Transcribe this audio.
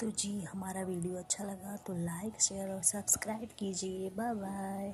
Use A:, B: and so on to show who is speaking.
A: तो जी
B: हमारा वीडियो अच्छा लगा तो लाइक शेयर और सब्सक्राइब कीजिए बाय बाय